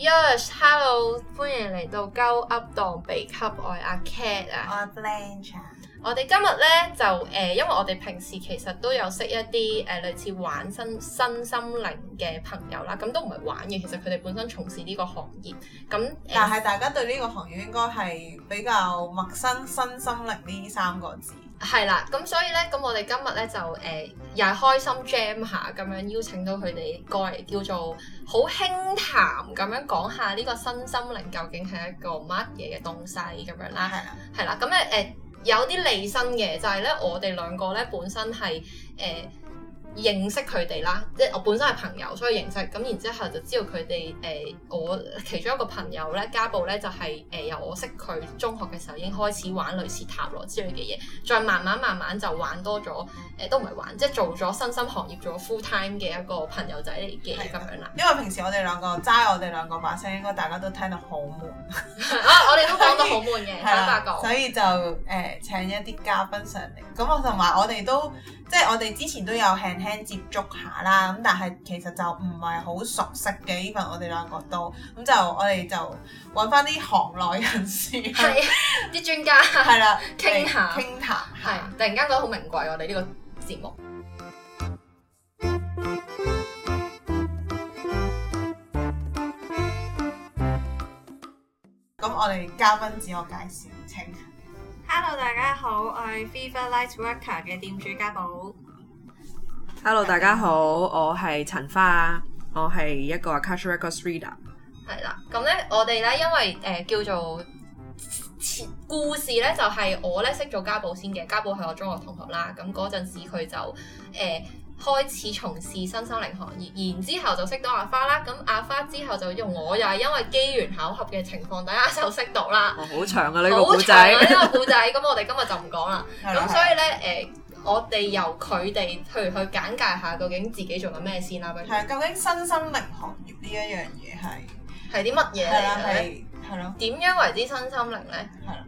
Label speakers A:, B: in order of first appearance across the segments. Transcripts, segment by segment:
A: Yo！Hello，歡迎嚟到 Up 當秘笈外阿 Cat 啊，我 Blanche 我哋今日呢，就誒、呃，因為我哋平時其實都有識一啲誒、呃、類似玩身身心靈嘅朋友啦，咁都唔係
B: 玩嘅，其實佢哋本身從事呢個行業咁，呃、但係大家對呢個行業應該係比較陌生，身心靈呢三個字。係啦，
A: 咁所以咧，咁我哋今日咧就誒、呃，又係開心 jam 下，咁樣邀請到佢哋過嚟，叫做好輕談咁樣，講下呢個新心靈究竟係一個乜嘢嘅東西咁樣啦，係啦的，咁咧誒有啲離身嘅就係、是、咧，我哋兩個咧本身係誒。呃認識佢哋啦，即係我本身係朋友，所以認識咁，然之後就知道佢哋誒，我其中一個朋友咧，家暴咧就係、是、誒、呃、由我識佢，中學嘅時候已經開始玩類似塔羅之類嘅嘢，再慢慢慢慢就玩多咗，誒、呃、都唔係玩，即係做咗身心行業，做 full time 嘅一個朋友仔嚟。嘅咁的樣啦。因為平時我
B: 哋兩個齋我哋兩個把聲，應該大家都聽到好悶 啊！我哋都講到好悶嘅以發覺，所以就誒、呃、請一啲嘉賓上嚟。咁我同埋、就是、我哋都即係我哋之前都有輕接觸下啦，咁但係其實就唔係好熟悉嘅呢份，我哋兩個都咁就我哋就搵翻啲行內人士，係
A: 啲專家，係啦，傾下傾
B: 談下，係突然間覺得好名貴，我哋呢個節目。咁我哋嘉賓自我介
C: 紹，請。Hello，大家好，我係 Fever Lights Worker 嘅店主嘉寶。
D: Hello，大家好，我係陳花，我係一個 Akashic Records reader。
A: 係啦，咁咧我哋咧因為誒叫做故事咧就係我咧識做家寶先嘅，家寶係我中學同學啦。咁嗰陣時佢就誒開始從事身心靈行業，然之後就識到阿花啦。咁阿花之後就用我又係因為機緣巧合嘅情況，大家就識到啦。哦，
D: 好長啊呢個故仔，呢個故
A: 仔，咁我哋今日就唔講啦。咁所以咧誒。我哋由佢哋，譬如去簡介下究竟自己做緊咩先啦。係究竟身心靈行業呢一樣嘢係係啲乜嘢咧？係咯，點樣為之身心靈咧？係
D: 啦。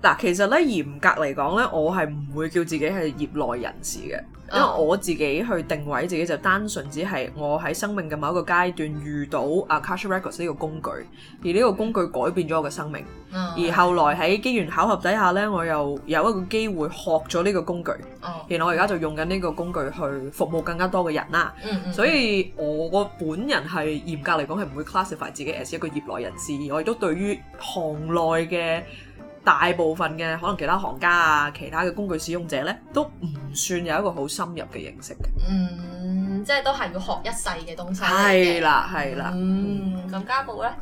D: 嗱，其實咧，嚴格嚟講咧，我係唔會叫自己係業內人士嘅。因為我自己去定位自己就單純只係我喺生命嘅某一個階段遇到 Akashic Records 呢個工具，而呢個工具改變咗我嘅生命。而後來喺機緣巧合底下呢，我又有一個機會學咗呢個工具。然後我而家就用緊呢個工具去服務更加多嘅人啦。所以我個本人係嚴格嚟講係唔會 classify 自己 as 一個業內人士，而我亦都對於行內嘅大部分嘅可能其他行家啊，其他嘅工具使用者咧，都唔算有一個好深入嘅認識嘅。
A: 嗯，即係都係要學一世嘅東西。係啦，係
D: 啦。嗯，
A: 咁家
C: 寶咧，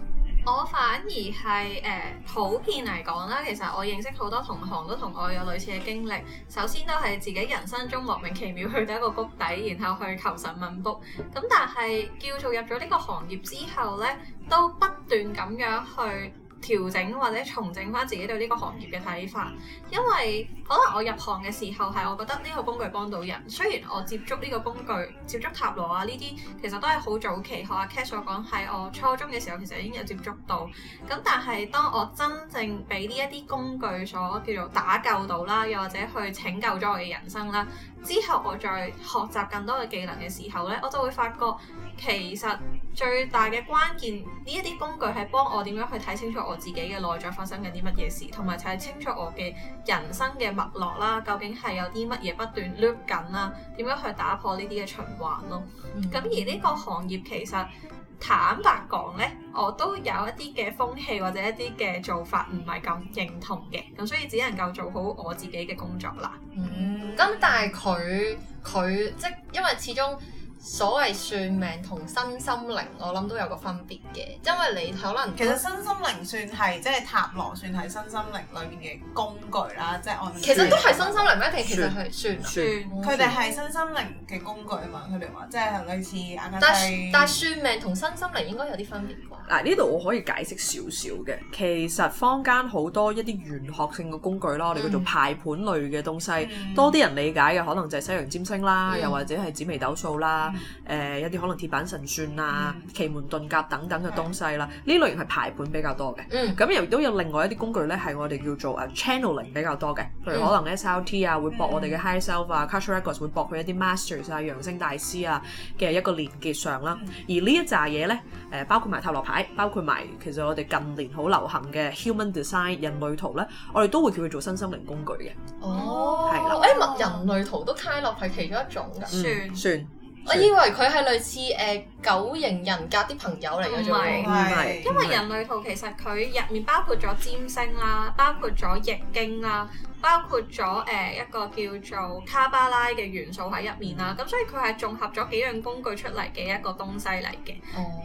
C: 我反而係誒、呃、普遍嚟講啦，其實我認識好多同行都同我有類似嘅經歷，首先都係自己人生中莫名其妙去到一個谷底，然後去求神問卜。咁但係叫做入咗呢個行業之後咧，都不斷咁樣去。調整或者重整返自己對呢個行業嘅睇法，因為可能我入行嘅時候係我覺得呢個工具幫到人，雖然我接觸呢個工具，接觸塔羅啊呢啲，其實都係好早期，學阿 c a s 所講係我初中嘅時候其實已經有接觸到，咁但係當我真正俾呢一啲工具所叫做打救到啦，又或者去拯救咗我嘅人生啦，之後我再學習更多嘅技能嘅時候呢，我就會發覺。其實最大嘅關鍵，呢一啲工具係幫我點樣去睇清楚我自己嘅內在發生緊啲乜嘢事，同埋就係清楚我嘅人生嘅脈絡啦，究竟係有啲乜嘢不斷 loop 緊啦，點樣去打破呢啲嘅循環咯。咁、嗯、而呢個行業其實坦白講呢，我都有一啲嘅風氣或者一啲嘅做法唔係咁認同嘅，咁所以只能夠做好我自己嘅工作啦。
A: 咁、嗯、但係佢佢即因為始終。所謂算命同身心靈，我諗
B: 都有個分別嘅，因為你可能其實身心靈算係即係塔羅算係身心靈裏面嘅工具啦，即係算其實都係身心靈，但其實佢算算佢哋係身心靈嘅工具嘛，佢哋話即係類似啊，但但算命同身心靈應該有啲分別啩？
D: 嗱呢度我可以解釋少少嘅，其實坊間好多一啲玄學性嘅工具咯，嗯、我哋叫做排盤類嘅東西，嗯嗯、多啲人理解嘅可能就係西洋占星啦，嗯、又或者係紫微斗數啦。誒、呃，一啲可能鐵板神算啊、嗯、奇門遁甲等等嘅東西啦、啊，呢、嗯、類型係排盤比較多嘅。嗯，咁又亦都有另外一啲工具咧，係我哋叫做誒 channeling 比較多嘅，譬、嗯、如可能 S L T 啊，會駁我哋嘅 high self 啊、嗯、，Akashic Records、er、會駁佢一啲 masters 啊、揚升大師啊嘅一個連結上啦。嗯、而一呢一揸嘢咧，誒、呃，包括埋塔羅牌，包括埋其實我哋近年好流行嘅 human design 人類圖咧，我哋都會叫佢做身心靈工具嘅。嗯、哦，
A: 係啦了，誒、欸，人類圖都泰落係其中一種嘅算、嗯，算。我以為佢係類似、呃、九型人格啲朋友嚟嘅，因為人類
C: 圖其實佢入面包括咗占星啦、啊，包括咗易經啊。包括咗誒一個叫做卡巴拉嘅元素喺入面啦，咁、嗯、所以佢係綜合咗幾樣工具出嚟嘅一個東西嚟嘅，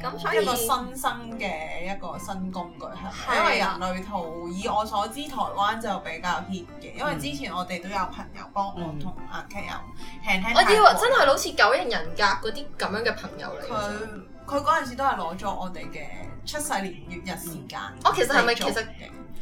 C: 咁、嗯、所以一個新生嘅一個新工具係。因為人類圖係、啊、以我所
B: 知，台灣就比較 hit 嘅，因為之前我哋都有朋友幫我同阿 K 友平平。嗯、天天我以為真係好似九型人，人格嗰啲咁樣嘅朋友嚟。佢佢嗰陣時都係攞咗我哋嘅出世年月
A: 日時間。我、嗯哦、其實係咪其實，其實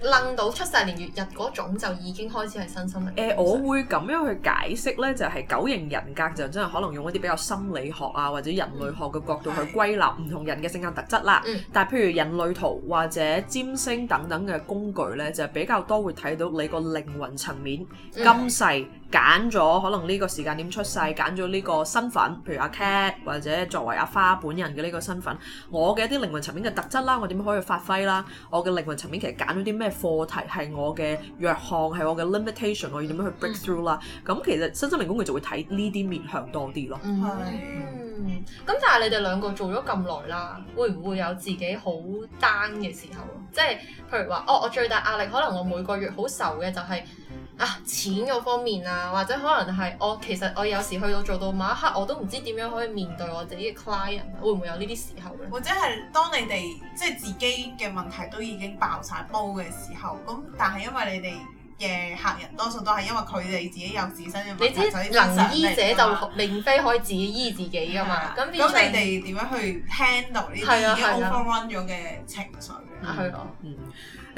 A: 楞到出世年月日嗰種就已經開始係新生啦。誒，我
D: 會咁樣去解釋呢就係、是、九型人格就真係可能用一啲比較心理學啊或者人類學嘅角度去歸納唔同人嘅性格特質啦。嗯、但係譬如人類圖或者占星等等嘅工具呢，就比較多會睇到你個靈魂層面、嗯、今世。揀咗可能呢個時間點出世，揀咗呢個身份，譬如阿 Cat 或者作為阿花本人嘅呢個身份，我嘅一啲靈魂層面嘅特質啦，我點樣可以發揮啦？我嘅靈魂層面其實揀咗啲咩課題係我嘅弱項，係我嘅 limitation，我要點樣去 break through 啦、嗯？咁其實身心靈工佢就會睇呢啲面向多啲咯。嗯，
A: 咁、嗯、但係你哋兩個做咗咁耐啦，會唔會有自己好 down 嘅時候？即係譬如話，哦，我最大壓力可能我每個月好愁嘅就係、是。啊錢嗰方面啊，或者可能係我其實我有時去到做到晚黑，我都唔知點樣可以面對我自己嘅 client，會唔會有呢啲時候咧？或者係
B: 當你哋即係自己嘅問題都已經爆晒煲嘅時候，咁但係因為你哋嘅客人多數都係因為佢哋自己有自身嘅問題，你所以能醫者就並非可以自己醫自己㗎嘛。咁、啊、你哋點樣去 handle 呢啲已經 overrun 咗嘅情緒？係咯、啊，啊啊、嗯。嗯。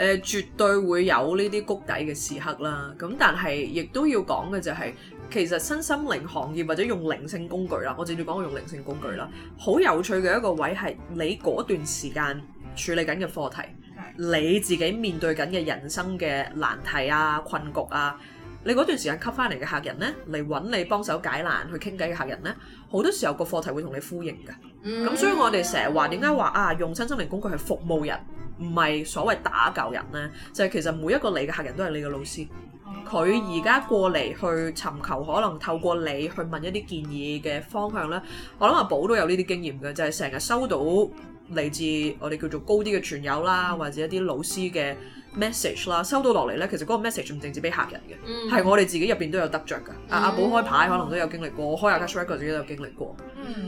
D: 誒、呃，絕對會有呢啲谷底嘅時刻啦，咁但係亦都要講嘅就係、是，其實身心靈行業或者用靈性、性工具啦，我直接講我用靈性工具啦，好有趣嘅一個位係，你嗰段時間處理緊嘅課題，你自己面對緊嘅人生嘅難題啊、困局啊，你嗰段時間吸翻嚟嘅客人呢，嚟揾你幫手解難去傾偈嘅客人呢，好多時候個課題會同你呼應㗎，咁、mm. 所以我哋成日話，點解話啊用身心靈工具係服務人？唔係所謂打救人呢，就係、是、其實每一個你嘅客人都係你嘅老師。佢而家過嚟去尋求，可能透過你去問一啲建議嘅方向咧。我諗阿寶都有呢啲經驗嘅，就係成日收到嚟自我哋叫做高啲嘅傳友啦，或者一啲老師嘅 message 啦，收到落嚟呢，其實嗰個 message 唔淨止俾客人嘅，係、嗯、我哋自己入邊都有得着㗎。阿、嗯、阿寶開牌可能都有經歷過，開 Akashic Record 自己都有經歷過。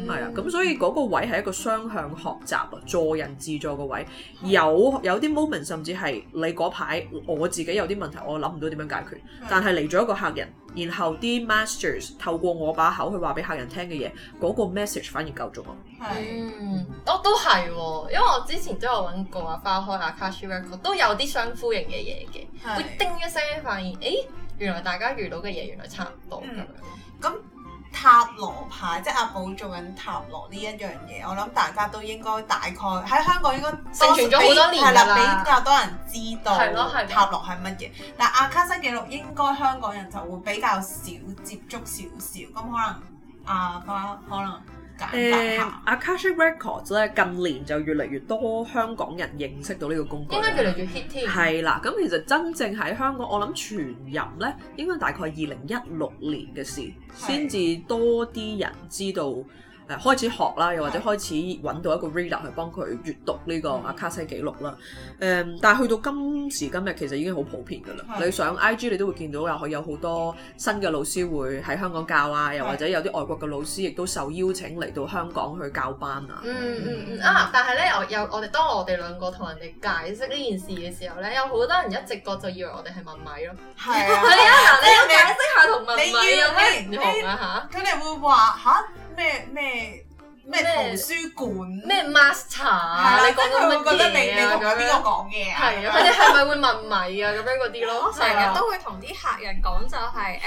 D: 係啊，咁、mm. 所以嗰個位係一個雙向學習啊，助人自助個位，mm. 有有啲 moment 甚至係你嗰排我自己有啲問題，我諗唔到點樣解決，mm. 但係嚟咗一個客人，然後啲 masters 透過我把口去話俾客人聽嘅嘢，嗰、嗰個 message 反而夠咗啊。係，mm. mm.
A: 我都係、哦，因為我之前都有搵過阿、啊、花開下 Cashew Record 都有啲相呼應嘅嘢嘅，mm. 會叮一聲，發現誒、哎，原來大家遇到嘅嘢原來差唔多咁、mm. 樣。咁、
B: mm. 塔羅牌，即係阿寶做緊塔羅呢一樣嘢，我諗大家都應該大概喺香港應該多生存咗好多年㗎啦，係啦，比較多人知道塔羅係乜嘢，但係阿卡西記錄應該香港人就會比較少接觸少少，咁可能啊，嗰可能。啊可能誒
D: Akashic Records 咧，近年就越嚟越多香港人認識到呢個工具。應該越嚟越
B: hit 添。
A: 係
D: 啦，咁其實真正喺香港，我諗傳入咧，應該大概二零一六年嘅事，先至對多啲人知道。開始學啦，又或者開始揾到一個 reader 去幫佢閱讀呢個阿卡西記錄啦。誒、嗯，嗯、但係去到今時今日，其實已經好普遍噶啦。的你上 IG 你都會見到啊，有好多新嘅老師會喺香港教啊，又或者有啲外國嘅老師亦都受邀請嚟到香港去教班啊、嗯。嗯嗯啊！
A: 但係呢，我有我哋當我哋兩個同人哋解釋呢件事嘅時候呢，有好多人一直覺就以為我哋係問米咯。係啊，嗱， 你解釋下同問米有咩唔同啊？嚇，
B: 佢哋會話嚇。 咩咩咩圖書館咩麼 master
C: 啊對？你講得你嘢啊？邊個講嘅啊？係啊的，佢哋係咪
B: 會問米啊？咁樣嗰
A: 啲咯，成日 都
C: 會同啲客人講、就是，就係誒，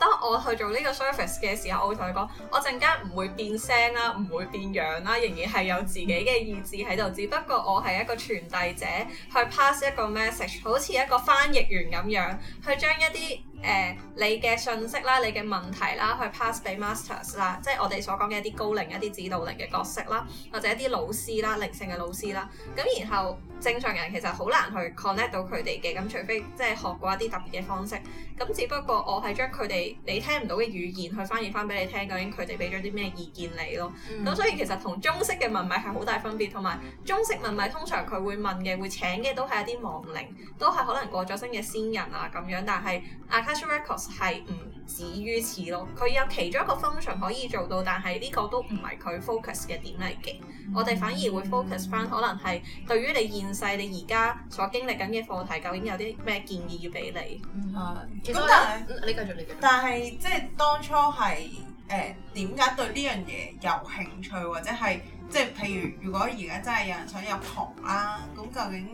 C: 當我去做呢個 service 嘅時候，我會同佢講，我陣間唔會變聲啦、啊，唔會變樣啦、啊，仍然係有自己嘅意志喺度，只不過我係一個傳遞者去 pass 一個 message，好似一個翻譯員咁樣去將一啲。誒、呃，你嘅信息啦，你嘅問題啦，去 pass 俾 masters 啦，即係我哋所講嘅一啲高齡一啲指導靈嘅角色啦，或者一啲老師啦，靈性嘅老師啦。咁然後正常人其實好難去 connect 到佢哋嘅，咁除非即係學過一啲特別嘅方式。咁只不過我係將佢哋你聽唔到嘅語言去翻譯翻俾你聽，究竟佢哋俾咗啲咩意見你咯。咁、mm. 所以其實同中式嘅問米係好大分別，同埋中式問米通常佢會問嘅會請嘅都係一啲亡靈，都係可能過咗身嘅先人啊，咁樣，但係。啊 Records 係唔止於此咯，佢有其中一個 function 可以做到，但係呢個都唔係佢 focus 嘅點嚟嘅。Mm hmm. 我哋反而會 focus 翻，可能係對於你現世、你而家所經歷緊嘅課題，究竟有啲咩建議要俾你
B: ？Mm hmm.
C: 嗯，咁、嗯、但係是
B: 你繼續嚟。但
C: 係即係當初係
B: 誒點解對呢樣嘢有興趣，或者係即係譬如如果而家真係有人想入行啊，咁究竟？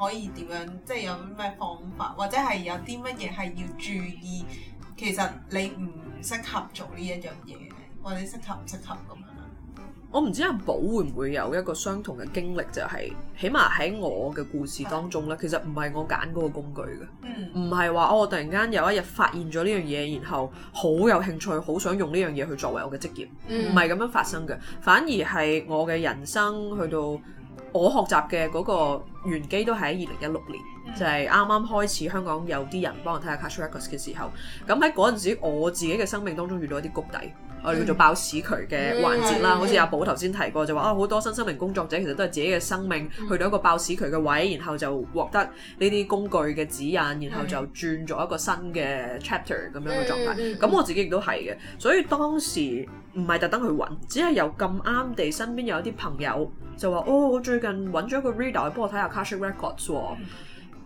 B: 可以點樣？即係有啲咩方法，或者係有啲乜嘢係要注意？其實你唔適合做呢一樣嘢，或者適合唔適合咁
D: 樣？我唔知阿寶會唔會有一個相同嘅經歷，就係、是、起碼喺我嘅故事當中呢，的其實唔係我揀嗰個工具嘅，唔係話我突然間有一日發現咗呢樣嘢，然後好有興趣，好想用呢樣嘢去作為我嘅職業，唔係咁樣發生嘅，反而係我嘅人生去到。我學習嘅嗰個原機都係喺二零一六年，就係啱啱開始香港有啲人幫我睇下 Catch Records 嘅時候，咁喺嗰陣時我自己嘅生命當中遇到一啲谷底。我哋、嗯、叫做爆屎渠嘅環節啦，好似、嗯、阿寶頭先提過就話啊，好多新生命工作者其實都係自己嘅生命、嗯、去到一個爆屎渠嘅位，然後就獲得呢啲工具嘅指引，然後就轉咗一個新嘅 chapter 咁樣嘅狀態。咁、嗯、我自己亦都係嘅，所以當時唔係特登去揾，只係由咁啱地身邊有一啲朋友就話哦，我最近揾咗一個 reader 去幫我睇下 Akashic Records、哦。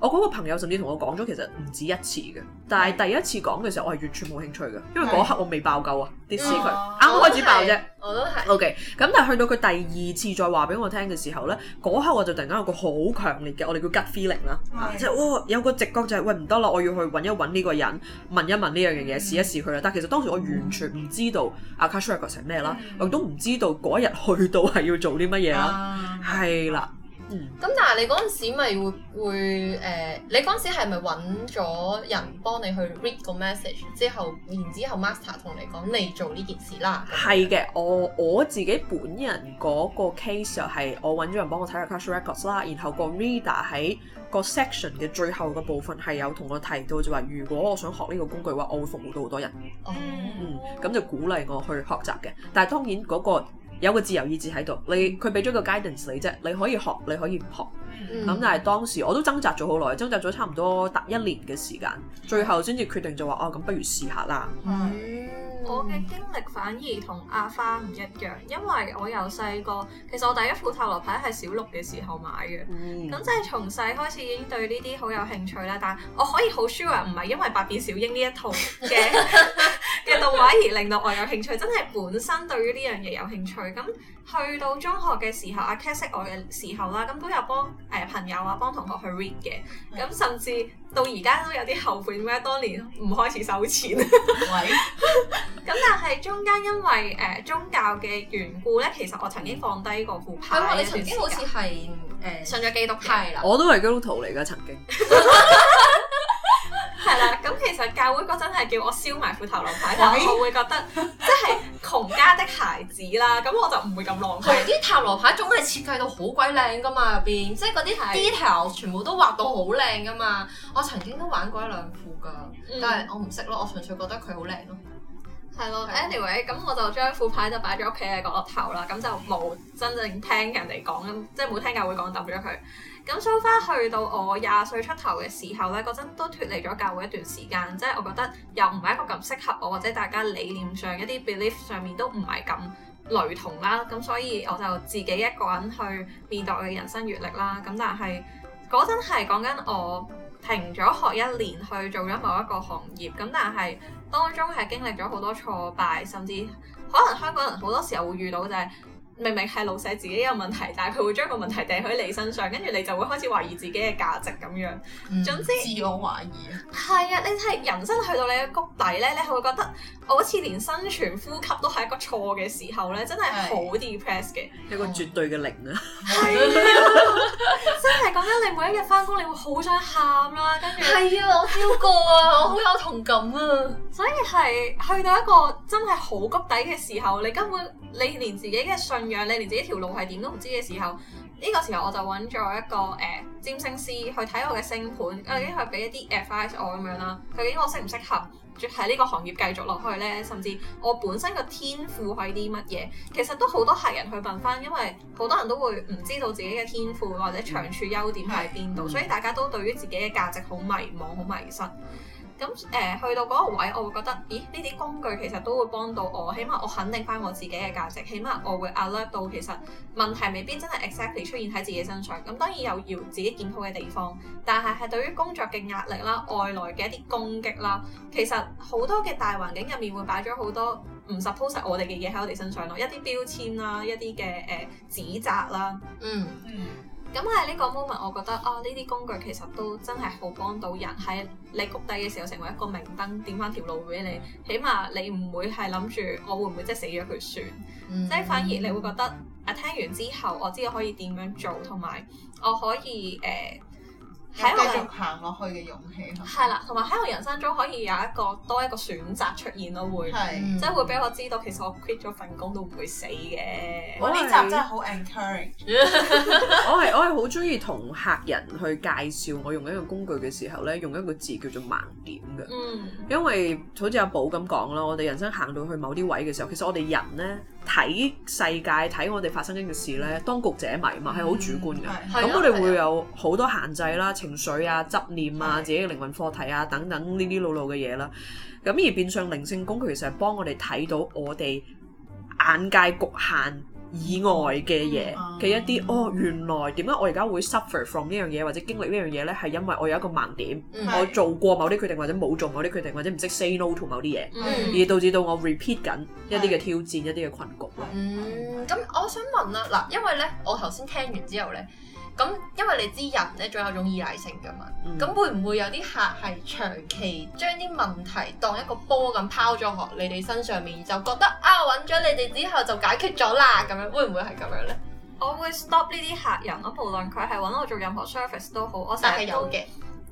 D: 我嗰個朋友甚至同我講咗，其實唔止一次嘅。但係第一次講嘅時候，我係完全冇興趣嘅，因為嗰刻我未爆夠啊，跌死佢，啱開始爆啫。我都係。OK，咁但係去到佢第二次再話俾我聽嘅時候呢，嗰刻我就突然間有個好強烈嘅，我哋叫 gut feeling 啦，即係哇有個直覺就係喂唔得啦，我要去揾一揾呢個人，問一問呢樣嘢，試一試佢啦。但係其實當時我完全唔知道阿 Cashback 成咩啦，我都唔知道嗰日去到係要做啲乜嘢啦，係啦。
A: 咁、嗯、但係你嗰陣時咪會會誒、呃，你嗰陣時係咪揾咗人幫你去 read 個 message 之後，然之後 master 同你講你做呢件事啦？
D: 係嘅，我我自己本人嗰個 case 係我揾咗人幫我睇下 cash records 啦，然後個 reader 喺個 section 嘅最後嘅部分係有同我提到就話，如果我想學呢個工具嘅話，我會服務到好多人。哦，嗯，咁、嗯嗯、就鼓勵我去學習嘅。但係當然嗰，那個。有個自由意志喺度，你佢俾咗個 guidance 你啫，你可以學，你可以唔學。咁、嗯、但係當時我都掙扎咗好耐，掙扎咗差唔多達一年嘅時間，最後先至決定就話哦，咁不如試下啦。嗯。
C: 我嘅經歷反而同阿花唔一樣，因為我由細個其實我第一副塔羅牌係小六嘅時候買嘅，咁即係從細開始已經對呢啲好有興趣啦。但係我可以好 sure 唔係因為《百變小櫻》呢一套嘅嘅 動畫而令到我有興趣，真係本身對於呢樣嘢有興趣。咁去到中學嘅時候，阿、啊、Cat 識我嘅時候啦，咁都有幫誒、呃、朋友啊，幫同學去 read 嘅。咁甚至到而家都有啲後悔咩，當年唔開始收錢。 咁但係中間因為誒、呃、宗教嘅緣故咧，其實我曾經放低過副牌，嗯。係喎、嗯，你曾經好似係誒信咗基督派系啦，了我
D: 都係基督徒嚟噶，曾經。
C: 係啦，咁其實教會嗰陣係叫我燒埋副塔龍牌， 但我會覺得即係窮家的孩子啦，咁我就唔會咁浪費。啲塔龍牌總係設計到
A: 好鬼靚噶嘛，入邊即係嗰啲 D 頭全部都畫到好靚噶嘛，我曾經都玩過一兩副噶，但係我唔識咯，我純粹覺得佢好靚咯。嗯
C: 係咯 ，Anyway，咁我就將副牌就擺咗屋企嘅角落頭啦，咁就冇真正聽人哋講，即係冇聽教會講揼咗佢。咁 so far 去到我廿歲出頭嘅時候咧，嗰陣都脱離咗教會一段時間，即係我覺得又唔係一個咁適合我，或者大家理念上一啲 belief 上面都唔係咁雷同啦，咁所以我就自己一個人去面對我嘅人生閲歷啦。咁但係嗰陣係講緊我。停咗學一年去做咗某一個行業，咁但係當中係經歷咗好多挫敗，甚至可能香港人好多時候會遇到就係。明明係老細自己有問題，但係佢會將個問題掟喺你身上，跟住你就會開始懷疑自己嘅價值咁樣。嗯、總之自我懷疑，係啊！你係人生去到你嘅谷底咧，你會覺得好似連生存呼吸都係一個錯嘅時候咧，真係好 depress 嘅。
D: 一個絕對嘅零啊！ 係啊，
C: 真係講緊你每一日翻工，你會好想喊啦。跟住。係啊，我飆過啊，我好有同感啊！ 所以係去到一個真係好谷底嘅時候，你根本你連自己嘅信咁樣你連自己條路係點都唔知嘅時候，呢個時候我就揾咗一個誒占星師去睇我嘅星盤，究竟佢俾一啲 advice 我咁樣啦，究竟我適唔適合喺呢個行業繼續落去呢？甚至我本身嘅天賦係啲乜嘢？其實都好多客人去問翻，因為好多人都會唔知道自己嘅天賦或者長處、優點喺邊度，所以大家都對於自己嘅價值好迷茫、好迷失。咁誒、呃、去到嗰個位，我會覺得，咦？呢啲工具其實都會幫到我，起碼我肯定返我自己嘅價值，起碼我會 relate 到其實問題未必真係 exactly 出現喺自己身上。咁當然有要自己檢討嘅地方，但係係對於工作嘅壓力啦、外來嘅一啲攻擊啦，其實好多嘅大環境入面會擺咗好多唔 suppose 我哋嘅嘢喺我哋身上咯，一啲標籤啦、一啲嘅誒指責啦，嗯嗯。咁喺呢個 moment，我覺得啊，呢、哦、啲工具其實都真係好幫到人喺你谷底嘅時候成為一個明燈，點翻條路俾你。起碼你唔會係諗住我會唔會即係死咗佢算，即係、mm hmm。反而你會覺得啊，聽完之後我知道可以點樣做，同埋我可以誒。呃喺我繼續行落去嘅勇氣，係啦，同埋喺我人生中可以有一個多一個選擇出現咯，會，的即係會俾我知道其實我 quit 咗份工都唔會死嘅， 我呢集真係好 encouraging。
D: 我係我係好中意同客人去介紹我用一個工具嘅時候咧，用一個字叫做盲點嘅，嗯、因為好似阿寶咁講咯，我哋人生行到去某啲位嘅時候，其實我哋人咧。睇世界睇我哋發生緊嘅事咧，當局者迷嘛，係好、嗯、主觀嘅。咁我哋會有好多限制啦、情緒啊、執念啊、對自己嘅靈魂課題啊等等呢啲老老嘅嘢啦。咁而變相靈性功，佢其實係幫我哋睇到我哋眼界局限。以外嘅嘢嘅一啲哦，原來點解我而家會 suffer from 呢樣嘢，或者經歷呢樣嘢呢？係因為我有一個盲點，是我做過某啲決定，或者冇做某啲決定，或者唔識 say no to 某啲嘢，嗯、而導致到我 repeat 緊一啲嘅挑戰、是一啲嘅困局咧。
A: 咁、嗯、我想問啦，嗱，因為呢，我頭先聽完之後呢。咁因為你知人咧仲有種依賴性嘅嘛，咁、嗯、會唔會有啲客係長期將啲問題當一個波咁拋咗落你哋身上面，就覺得
C: 啊，揾咗你哋之後就解決咗啦咁樣，會唔會係咁樣咧？我會 stop 呢啲客人咯，無論佢係揾我做任何 service 都好，我實係有嘅，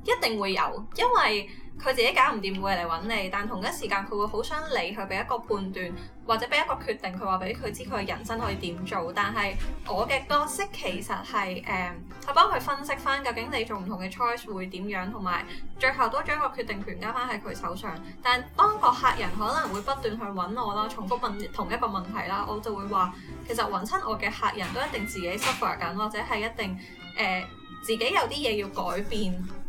C: 一定會有，因為。佢自己搞唔掂會嚟揾你，但同一時間佢會好想你去俾一個判斷，或者俾一個決定，佢話俾佢知佢嘅人生可以點做。但係我嘅角色其實係誒，係、呃、幫佢分析翻究竟你做唔同嘅 choice 會點樣，同埋最後都將個決定權交翻喺佢手上。但當個客人可能會不斷去揾我啦，重複問同一個問題啦，我就會話其實揾親我嘅客人都一定自己 suffer 緊，或者係一定誒、呃、自己有啲嘢要改變。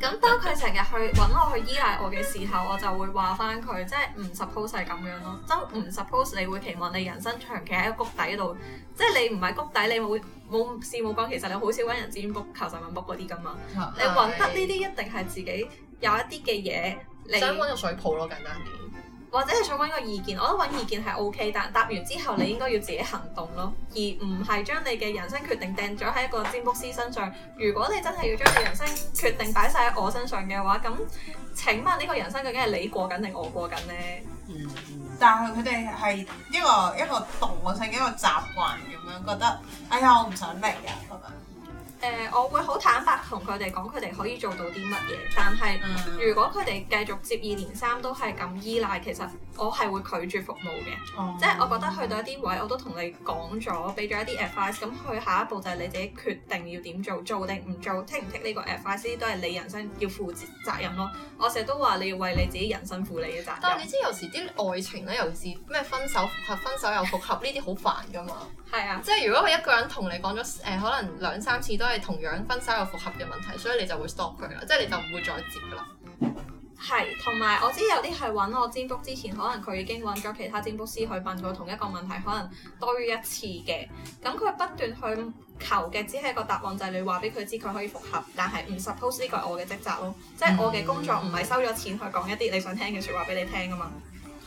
C: 咁當佢成日去揾我去依賴我嘅時候，我就會話翻佢，即係唔 suppose 係咁樣咯。即係唔 suppose 你會期望你人生長期喺谷底度，即係你唔係谷底，你冇冇視冇光。其實你好少揾人接盤、搏求實、揾搏嗰啲噶嘛。的你揾得呢啲一定係自己有一啲嘅嘢你想揾個水泡咯，簡單啲。或者係想揾個意見，我覺得揾意見係 OK，但答完之後你應該要自己行動咯，而唔係將你嘅人生決定掟咗喺一個占卜師身上。如果你真係要將你人生決定擺晒喺我身上嘅話，咁請問呢個人生究竟係你過緊定我過緊呢？嗯，但係佢哋係一個一個動性一個習慣咁樣，覺得哎呀我唔想嚟啊誒、呃，我會好坦白同佢哋講，佢哋可以做到啲乜嘢。但係如果佢哋繼續接二連三都係咁依賴，其實我係會拒絕服務嘅。嗯、即係我覺得去到一啲位，我都同你講咗，俾咗一啲 advice。咁去下一步就係你自己決定要點做，做定唔做，聽唔聽呢個 advice，都係你人生要負責任咯。我成日都話你要為你自己人生負你嘅責任。但係你知有時啲愛情咧，尤其
A: 咩分手複合，分手又複合，呢啲好煩噶嘛。
C: 係是啊，即係如果佢一
A: 個人同你講咗誒，可能兩三次都。係同樣分手又復合嘅問題，所以你就會 stop 佢啦，即係你就唔會再接
B: 啦。
C: 係同埋我知有啲係揾我占卜之前，可能佢已經揾咗其他占卜師去問過同一個問題，可能多於一次嘅。咁佢不斷去求嘅只係一個答案，就係你話俾佢知佢可以復合，但係唔 suppose 呢個係我嘅職責咯。即係、嗯、我嘅工作唔係收咗錢去講一啲你想聽嘅説話俾你聽噶嘛。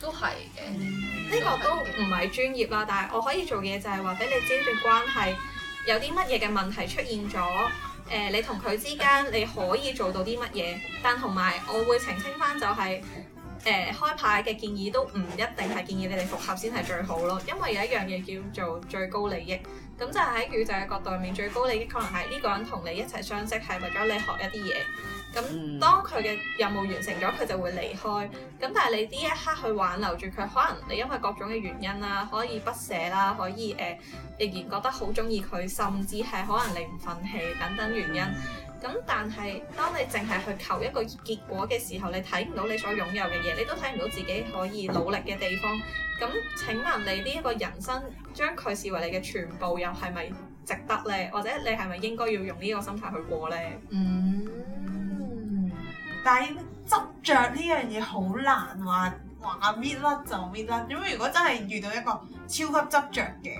C: 都係嘅，呢、嗯、個都唔係專業啦。但係我可以做嘢就係話俾你知段關係。有啲乜嘢嘅問題出現咗？誒、呃，你同佢之間你可以做到啲乜嘢？但同埋我會澄清返、就是，就係。誒、呃、開牌嘅建議都唔一定係建議你哋復合先係最好咯，因為有一樣嘢叫做最高利益，咁就係喺宇宙嘅角度入面，最高利益可能係呢個人同你一齊相識係為咗你學一啲嘢，咁當佢嘅任務完成咗，佢就會離開，咁但係你呢一刻去挽留住佢，可能你因為各種嘅原因啦，可以不捨啦，可以誒，仍、呃、然覺得好鍾意佢，甚至係可能你唔憤氣，等等原因。咁但係，當你淨係去求一個結果嘅時候，你睇唔到你所擁有嘅嘢，你都睇唔到自己可以努力嘅地方。咁請問你呢一個人生將佢視為你嘅全部，又係咪值得咧？或者你係咪應該要用呢個心態去過咧？嗯，
B: 但係執着呢樣嘢好難話話搣甩就搣甩。如果真係遇到一個超級執着嘅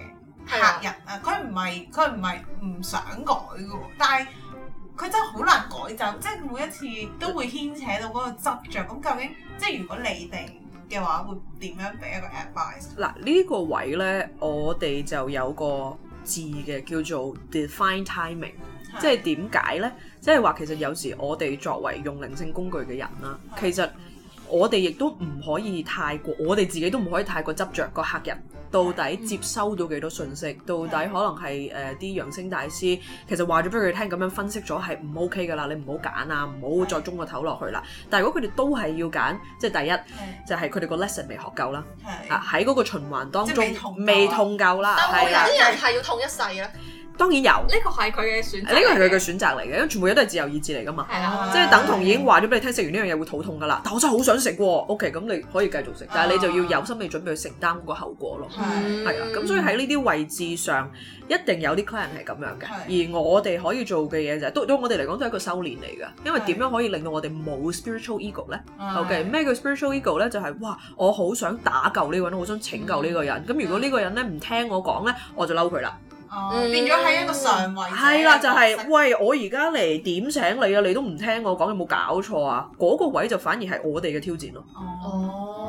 B: 客人啊，佢唔係佢唔係唔想改嘅，但係。佢真係好難改就，即係每一次都會牽扯到嗰個執著。咁究竟即係如果你哋嘅話，會點樣俾一個
D: advice？嗱，呢個位呢，我哋就有個字嘅，叫做 divine timing 的。即係點解呢？即係話其實有時我哋作為用靈性工具嘅人啦，的其實。我哋亦都唔可以太過，我哋自己都唔可以太過執着個客人到底接收到幾多信息，的到底可能係誒啲養生大師其實話咗俾佢聽，咁樣分析咗係唔 OK 噶啦，你唔好揀啊，唔好再中個頭落去啦。但係如果佢哋都係要揀，即係第一的就係佢哋個 lesson 未學夠啦，啊喺嗰個循環當中未痛，痛夠啦，但會有啲人
A: 係要痛一世啦。
D: 當然有，呢個係佢嘅選，呢個係佢嘅選擇嚟嘅，因為全部嘢都係自由意志嚟噶嘛。係啊，即係等同已經話咗俾你聽，食完呢樣嘢會肚痛噶啦。但我真係好想食喎。OK，咁你可以繼續食，但係你就要有心理準備去承擔嗰個後果咯。係，係啊。咁所以喺呢啲位置上，一定有啲 client 係咁樣嘅。而我哋可以做嘅嘢就係，對我哋嚟講都係一個修煉嚟嘅，因為點樣可以令到我哋冇 spiritual ego 呢？OK，咩叫 spiritual ego 呢？就係哇，我好想打救呢個人，好想拯救呢個人。咁如果呢個人呢唔聽我講呢，我就嬲佢啦。Oh, 變咗喺一個上位、嗯，係啦，就係、是嗯、喂，我而家嚟點醒你啊！你都唔聽我講，有冇搞錯啊？嗰、嗰個位就反而係我哋嘅挑戰咯。Oh.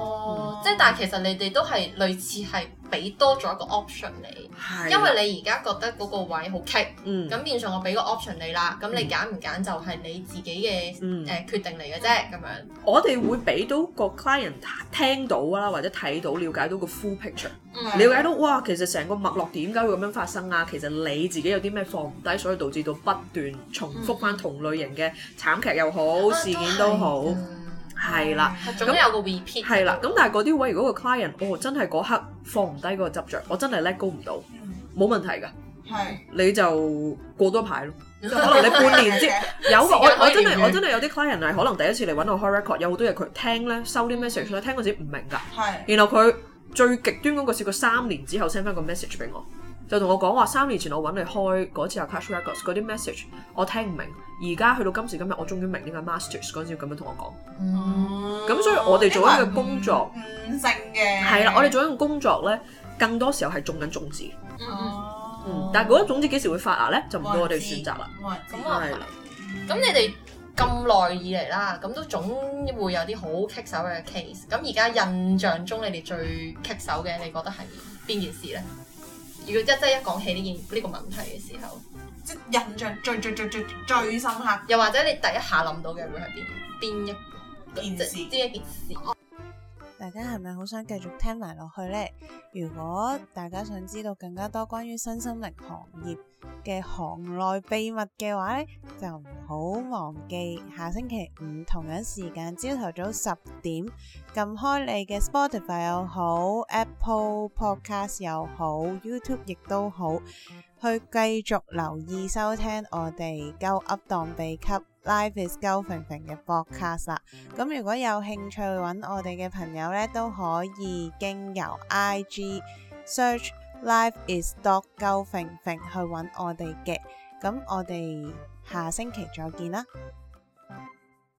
A: 即但係其實你哋都係類似係俾多咗一個 option 你，係因為你而家覺得嗰個位好棘，咁、嗯、變相我俾個 option 你啦，咁你揀唔揀就係你自己嘅誒決定嚟嘅啫，咁、嗯、樣。
D: 我哋會俾到個 client 聽到啊，或者睇到、了解到個 full picture，瞭、嗯、解到哇，其實成個脈絡點解會咁樣發生啊？其實你自己有啲咩放唔低，所以導致到不斷重複翻同類型嘅慘劇又好，嗯啊、事件都好。都係啦，咁有個 repeat 係啦了，咁了但係嗰啲位，如果個 client，哦，真係嗰刻放唔低嗰個執著，我真係 let go 唔到，冇問題㗎，是你就過多排咯， 就可能你半年即 有個，我真我真係我真係有啲 client 係可能第一次嚟揾我開 record，有好多嘢佢聽咧，收啲 message 咧、嗯，聽佢嗰時唔明㗎，係是，然後佢最極端嗰個，試過三年之後 send 翻個 message 俾我。就同我講話三年前我揾你開嗰次阿 Cash Records 嗰啲 message 我聽唔明，而家去到今時今日我終於明點解 masters 嗰陣時咁樣同我講，咁、嗯、所以我哋做緊個工作，唔
B: 勝嘅，係啦，我哋做緊
D: 個工作咧，更多時候係種緊種子，但係嗰種子幾時會發芽咧，就唔到我哋選擇啦。
A: 咁、啊、你哋咁耐以嚟啦，咁都總會有啲好棘手嘅 case。咁而家印象中你哋最棘手嘅，你覺得係邊件事咧？如果真係一講起呢件呢個問題嘅時候，即係印象最最最最最深刻。又或者你第一下諗到嘅會係邊邊一件事，即係一件
B: 事？大家係咪好想繼續聽埋落去呢？如果大家想知道更加多關於新心靈行業嘅行內秘密嘅話呢，就唔好忘記下星期五同樣時間朝頭早十點，撳開你嘅 Spotify 又好，Apple Podcast 又好，YouTube 亦都好，去繼續留意收聽我哋《鳩 Up 當秘笈》。Cup. Life is 高鵬鵬嘅 broadcast 啦，咁如果有興趣揾我哋嘅朋友呢，都可以經由 IG search life is dot 高鵬鵬去揾我哋嘅，咁我哋下星期再見啦。